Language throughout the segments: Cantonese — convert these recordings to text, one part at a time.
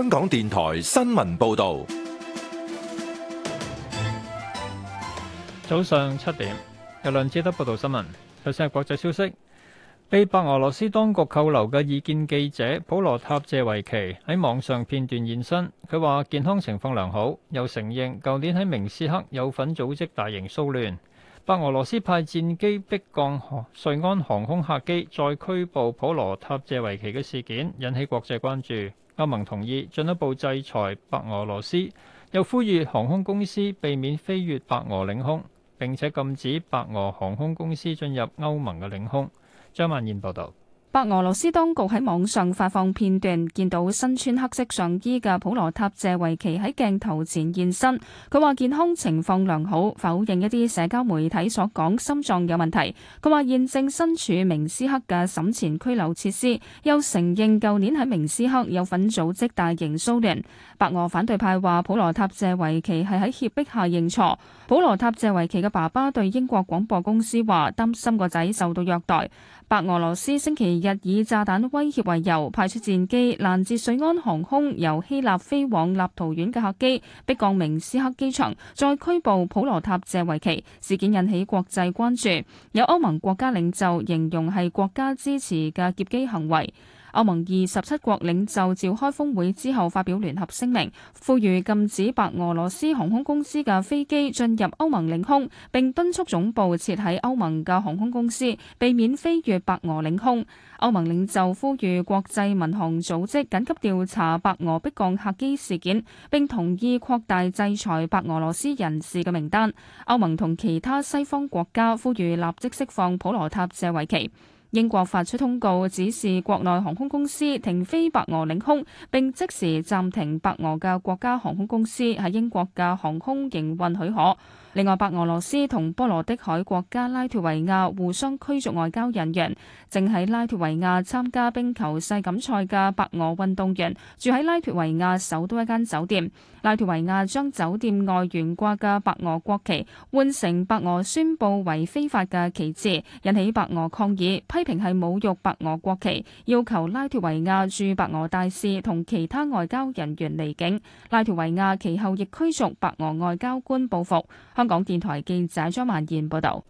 香港電台新聞報道，早上七點由梁志德報道新聞。首先係國際消息，被白俄羅斯當局扣留嘅異見記者普羅塔謝維奇喺網上片段現身。佢話健康情況良好，又承認舊年喺明斯克有份組織大型騷亂。白俄羅斯派戰機逼降瑞安航空客機，再拘捕普羅塔謝維奇嘅事件引起國際關注。歐盟同意進一步制裁白俄羅斯，又呼籲航空公司避免飛越白俄領空，並且禁止白俄航空公司進入歐盟嘅領空。張曼燕報道。白俄羅斯當局喺網上發放片段，見到身穿黑色上衣嘅普羅塔謝維奇喺鏡頭前現身。佢話健康情況良好，否認一啲社交媒體所講心臟有問題。佢話現正身處明斯克嘅審前拘留設施，又承認舊年喺明斯克有份組織大型蘇聯。白俄反對派話普羅塔謝維奇係喺脅迫下認錯。普羅塔謝維奇嘅爸爸對英國廣播公司話，擔心個仔受到虐待。白俄羅斯星期日以炸彈威脅為由，派出戰機攔截瑞安航空由希臘飛往立陶宛嘅客機，逼降明斯克機場，再拘捕普羅塔謝維奇。事件引起國際關注，有歐盟國家領袖形容係國家支持嘅劫機行為。歐盟二十七國領袖召開峰會之後發表聯合聲明，呼籲禁止白俄羅斯航空公司嘅飛機進入歐盟領空，並敦促總部設喺歐盟嘅航空公司避免飛越白俄領空。歐盟領袖呼籲國際民航組織緊急調查白俄迫降客機事件，並同意擴大制裁白俄羅斯人士嘅名單。歐盟同其他西方國家呼籲立即釋放普羅塔謝維奇。英國發出通告，指示國內航空公司停飛白俄領空，並即時暫停白俄嘅國家航空公司喺英國嘅航空營運許可。另外，白俄羅斯同波羅的海國家拉脫維亞互相驅逐外交人員。正喺拉脫維亞參加冰球世錦賽嘅白俄運動員住喺拉脫維亞首都一間酒店。拉脫維亞將酒店外懸掛嘅白俄國旗換成白俄宣布為非法嘅旗幟，引起白俄抗議，批評係侮辱白俄國旗，要求拉脫維亞駐白俄大使同其他外交人員離境。拉脫維亞其後亦驅逐白俄外交官報復。香港電台記者張曼燕報道：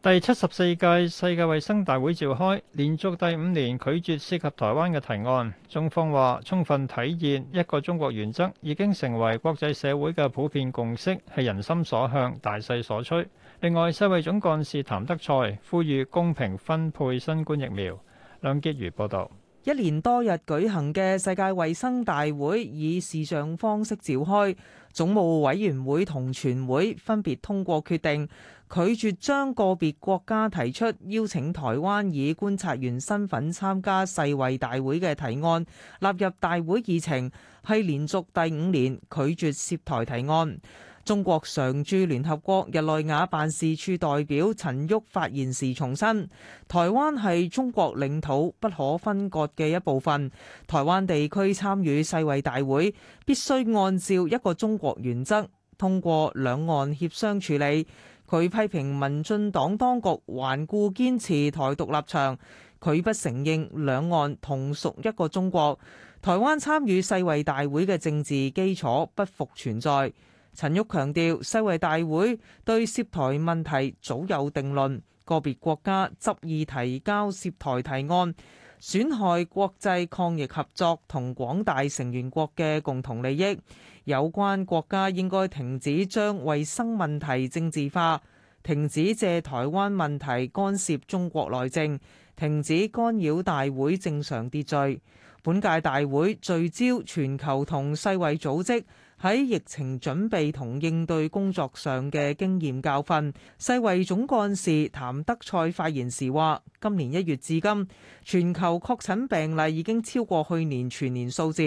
第七十四屆世界衛生大會召開，連續第五年拒絕涉及台灣嘅提案。中方話，充分體現一個中國原則已經成為國際社會嘅普遍共識，係人心所向、大勢所趨。另外，世衛總幹事譚德賽呼籲公平分配新冠疫苗。梁潔如報道。一年多日舉行嘅世界衞生大會以視像方式召開，總務委員會同全會分別通過決定，拒絕將個別國家提出邀請台灣以觀察員身份參加世衞大會嘅提案納入大會議程，係連續第五年拒絕涉台提案。中國常駐聯合國日內瓦辦事處代表陳旭發言時重申，台灣係中國領土不可分割嘅一部分。台灣地區參與世衛大會必須按照一個中國原則通過兩岸協商處理。佢批評民進黨當局頑固堅持台獨立場，拒不承認兩岸同屬一個中國，台灣參與世衛大會嘅政治基礎不復存在。陳旭強調，世衛大會對涉台問題早有定論，個別國家執意提交涉台提案，損害國際抗疫合作同廣大成員國嘅共同利益。有關國家應該停止將衞生問題政治化，停止借台灣問題干涉中國內政，停止干擾大會正常秩序。本屆大會聚焦全球同世衛組織喺疫情準備同應對工作上嘅經驗教訓，世衞總幹事譚德塞發言時話，今年一月至今，全球確診病例已經超過去年全年數字。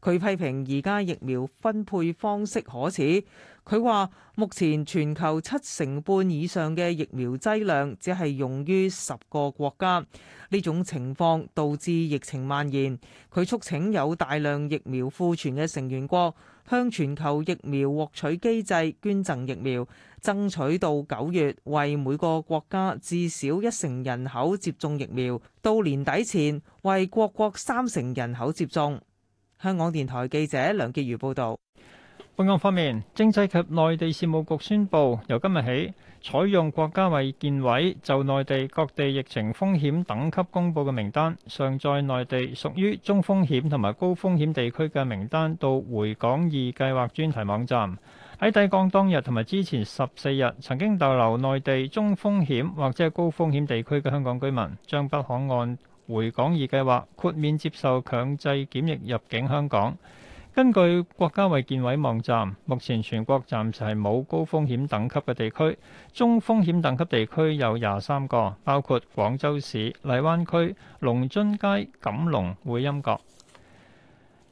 佢批評而家疫苗分配方式可恥。佢話：目前全球七成半以上嘅疫苗劑量只係用於十個國家，呢種情況導致疫情蔓延。佢促請有大量疫苗庫存嘅成員國向全球疫苗獲取機制捐贈疫苗，爭取到九月為每個國家至少一成人口接種疫苗，到年底前為各國三成人口接種。香港電台記者梁潔如報導。本港方面，政制及內地事務局宣布，由今日起，採用國家衛健委就內地各地疫情風險等級公佈嘅名單，上載內地屬於中風險同埋高風險地區嘅名單到回港易計劃專題網站。喺抵港當日同埋之前十四日曾經逗留內地中風險或者係高風險地區嘅香港居民，將不可按回港易計劃豁免接受強制檢疫入境香港。根據國家衛健委網站，目前全國暫時係冇高風險等級嘅地區，中風險等級地區有廿三個，包括廣州市荔灣區、龍津街、錦龍匯鑫閣。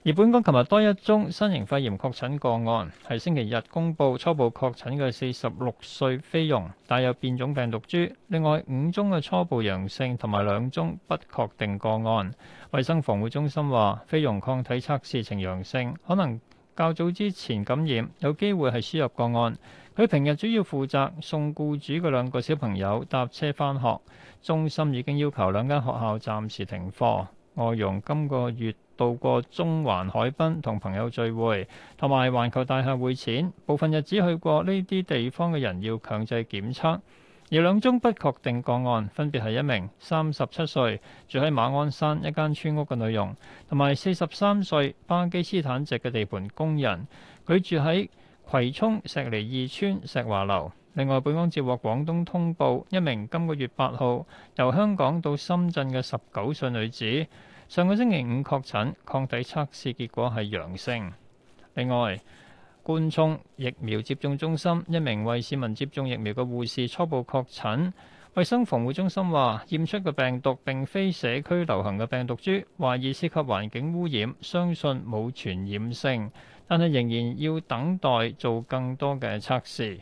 而本港琴日多一宗新型肺炎確診個案，係星期日公布初步確診嘅四十六歲菲傭帶有變種病毒株。另外五宗嘅初步陽性同埋兩宗不確定個案。衛生防護中心話菲傭抗體測試呈陽性，可能較早之前感染，有機會係輸入個案。佢平日主要負責送僱主嘅兩個小朋友搭車翻學，中心已經要求兩間學校暫時停課，外傭今個月，到過中環海濱同朋友聚會，同埋環球大廈匯錢。部分日子去過呢啲地方嘅人要強制檢測。而兩宗不確定個案，分別係一名三十七歲住喺馬鞍山一間村屋嘅女傭，同埋四十三歲巴基斯坦籍嘅地盤工人。佢住喺葵涌石梨二村石華樓。另外，本港接獲廣東通報一名今個月八號由香港到深圳嘅十九歲女子。上個星期五確診，抗體測試結果係陽性。另外，官涌疫苗接種中心一名為市民接種疫苗嘅護士初步確診。衛生防護中心話驗出嘅病毒並非社區流行嘅病毒株，懷疑涉及環境污染，相信冇傳染性，但係仍然要等待做更多嘅測試。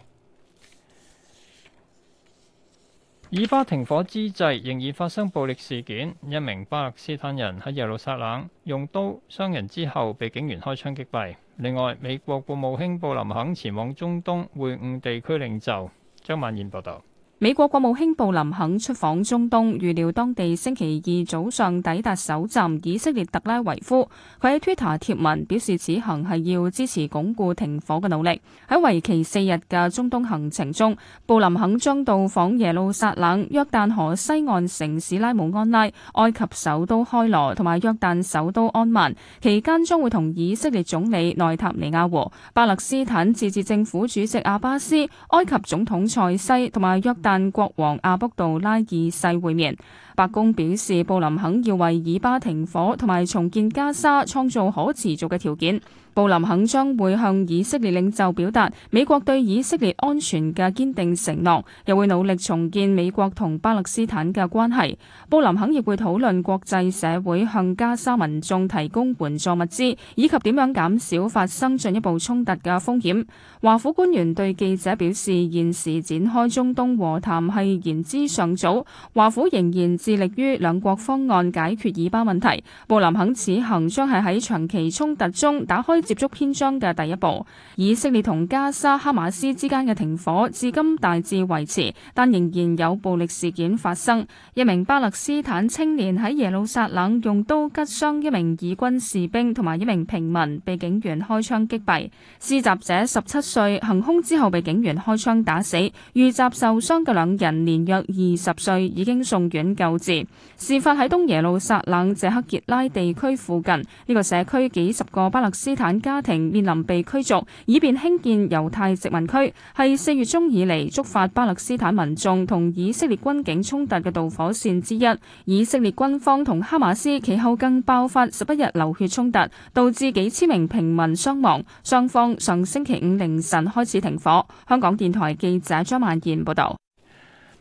以巴停火之際，仍然發生暴力事件。一名巴勒斯坦人喺耶路撒冷用刀傷人之後，被警員開槍擊斃。另外，美國國務卿布林肯前往中東會晤地區領袖。張曼燕報導。美國國務卿布林肯出訪中東，預料當地星期二早上抵達首站以色列特拉維夫。佢喺 Twitter 貼文表示，此行係要支持鞏固停火嘅努力。喺為期四日嘅中東行程中，布林肯將到訪耶路撒冷、約旦河西岸城市拉姆安拉、埃及首都開羅同埋約旦首都安曼。期間將會同以色列總理內塔尼亞胡、巴勒斯坦自治政府主席阿巴斯、埃及總統塞西同埋約但國王阿卜杜拉二世會面，白宮表示，布林肯要為以巴停火同埋重建加沙創造可持續嘅條件。布林肯將會向以色列領袖表達美國對以色列安全嘅堅定承諾，又會努力重建美國同巴勒斯坦嘅關係。布林肯亦會討論國際社會向加沙民眾提供援助物資，以及點樣減少發生進一步衝突嘅風險。華府官員對記者表示，現時展開中東和談係言之尚早，華府仍然致力於兩國方案解決以巴問題。布林肯此行將係喺長期衝突中打開接觸篇章嘅第一步，以色列同加沙哈馬斯之間嘅停火至今大致維持，但仍然有暴力事件發生。一名巴勒斯坦青年喺耶路撒冷用刀拮傷一名以軍士兵同埋一名平民，被警員開槍擊斃。施襲者十七歲，行兇之後被警員開槍打死。遇襲受傷嘅兩人年約二十歲，已經送院救治。事發喺東耶路撒冷謝克傑拉地區附近，呢、這個社區幾十個巴勒斯坦，家庭面臨被驅逐，以便興建猶太殖民區，係四月中以嚟觸發巴勒斯坦民眾同以色列軍警衝突嘅導火線之一。以色列軍方同哈馬斯其後更爆發十一日流血衝突，導致幾千名平民傷亡。雙方上星期五凌晨開始停火。香港電台記者張曼燕報道。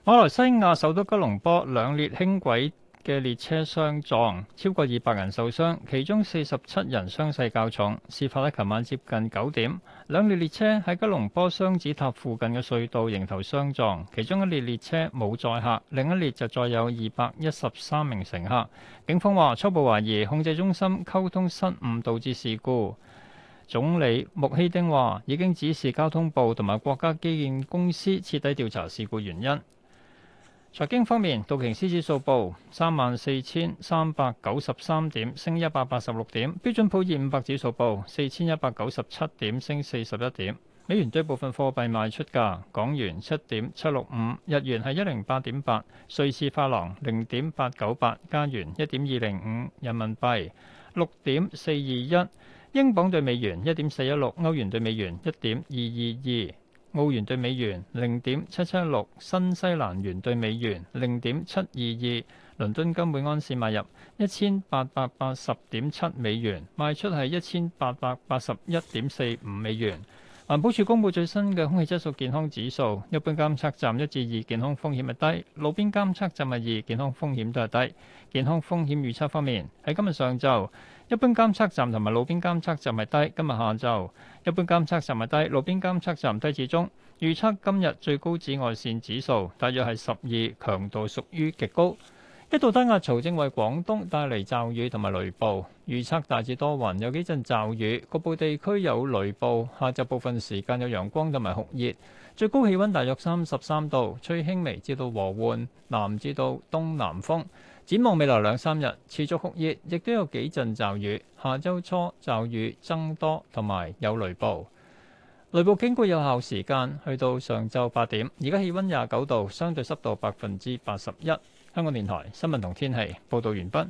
馬來西亞首都吉隆坡兩列輕軌。嘅列車相撞，超過二百人受傷，其中四十七人傷勢較重。事發喺琴晚接近九點，兩列列車喺吉隆坡雙子塔附近嘅隧道迎頭相撞，其中一列列車冇載客，另一列就載有二百一十三名乘客。警方話初步懷疑控制中心溝通失誤導致事故。總理穆希丁話已經指示交通部同埋國家基建公司徹底調查事故原因。財經方面，道瓊斯指數報三萬四千三百九十三點，升一百八十六點；標準普爾五百指數報四千一百九十七點，升四十一點。美元兌部分貨幣賣出價：港元七點七六五，日元係一零八點八，瑞士法郎零點八九八，加元一點二零五，人民幣六點四二一，英鎊兌美元一點四一六，歐元兌美元一點二二二。澳元兌美元零點七七六，6，新西蘭元兌美元零點七二二，倫敦金每安士買入一千八百八十點七美元，賣出係一千八百八十一點四五美元。環保署公布最新嘅空氣質素健康指數，一般監測站一至二健康風險係低，路邊監測站係二健康風險都係低。健康風險預測方面，喺今日上晝，一般監測站同埋路邊監測站係低；今日下晝，一般監測站係低，路邊監測站低至中。預測今日最高紫外線指數大約係十二，強度屬於極高。一道低壓槽正為廣東帶嚟驟雨同埋雷暴，預測大致多雲有幾陣驟雨，局部地區有雷暴。下晝部分時間有陽光同埋酷熱，最高氣溫大約三十三度，吹輕微至到和緩南至到東南風，展望未來兩三日持續酷熱亦都有幾陣驟雨。下周初驟雨增多，同埋有雷暴。雷暴警告有效時間去到上晝八點，而家氣溫廿九度，相對濕度百分之八十一。香港電台新聞同天氣報道完畢。